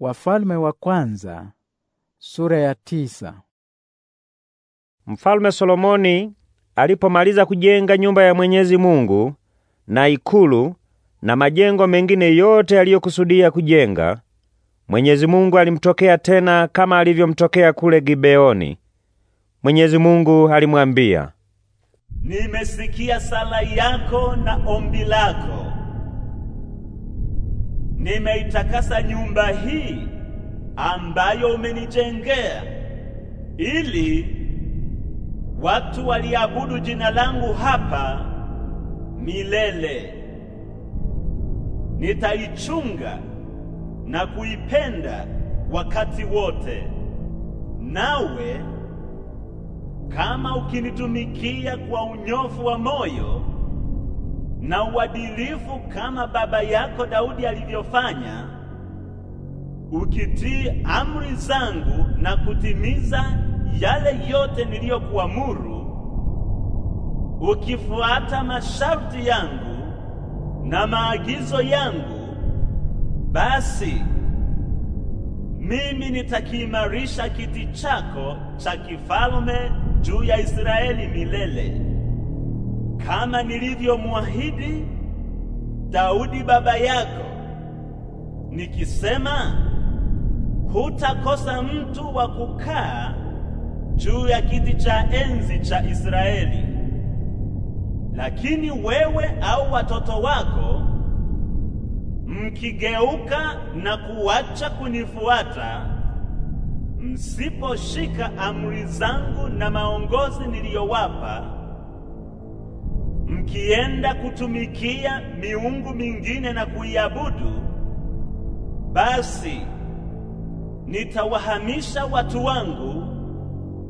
Wafalme wa kwanza sura ya tisa. Mfalme Solomoni alipomaliza kujenga nyumba ya Mwenyezi Mungu na ikulu na majengo mengine yote aliyokusudia kujenga, Mwenyezi Mungu alimtokea tena kama alivyomtokea kule Gibeoni. Mwenyezi Mungu alimwambia, nimesikia sala yako na ombi lako nimeitakasa nyumba hii ambayo umenijengea ili watu waliabudu jina langu hapa milele. Nitaichunga na kuipenda wakati wote. Nawe kama ukinitumikia kwa unyofu wa moyo na uadilifu kama baba yako Daudi alivyofanya, ukitii amri zangu na kutimiza yale yote niliyokuamuru, ukifuata masharti yangu na maagizo yangu, basi mimi nitakiimarisha kiti chako cha kifalume juu ya Israeli milele kama nilivyomwahidi Daudi baba yako, nikisema hutakosa mtu wa kukaa juu ya kiti cha enzi cha Israeli, lakini wewe au watoto wako mkigeuka na kuwacha kunifuata, msiposhika amri zangu na maongozi niliyowapa mkienda kutumikia miungu mingine na kuiabudu, basi nitawahamisha watu wangu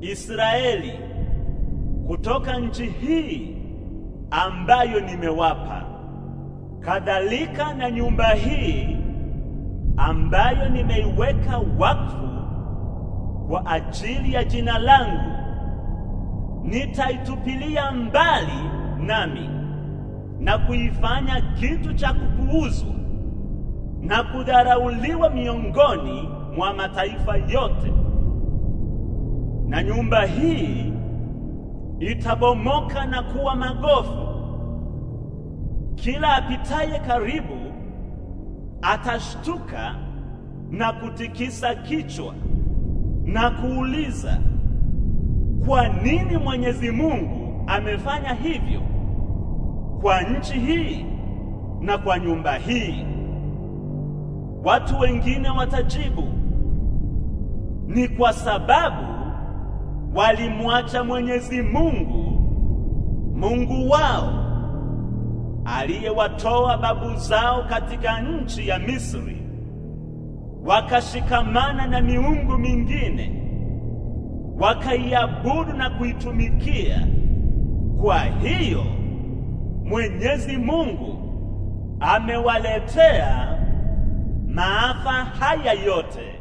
Israeli kutoka nchi hii ambayo nimewapa, kadhalika na nyumba hii ambayo nimeiweka wakfu kwa ajili ya jina langu, nitaitupilia mbali nami na kuifanya kitu cha kupuuzwa na kudharauliwa miongoni mwa mataifa yote, na nyumba hii itabomoka na kuwa magofu. Kila apitaye karibu atashtuka na kutikisa kichwa na kuuliza, kwa nini Mwenyezi Mungu amefanya hivyo? kwa nchi hii na kwa nyumba hii. Watu wengine watajibu, ni kwa sababu walimwacha Mwenyezi Mungu, Mungu wao aliyewatoa babu zao katika nchi ya Misri, wakashikamana na miungu mingine wakaiabudu na kuitumikia. Kwa hiyo Mwenyezi Mungu amewaletea maafa haya yote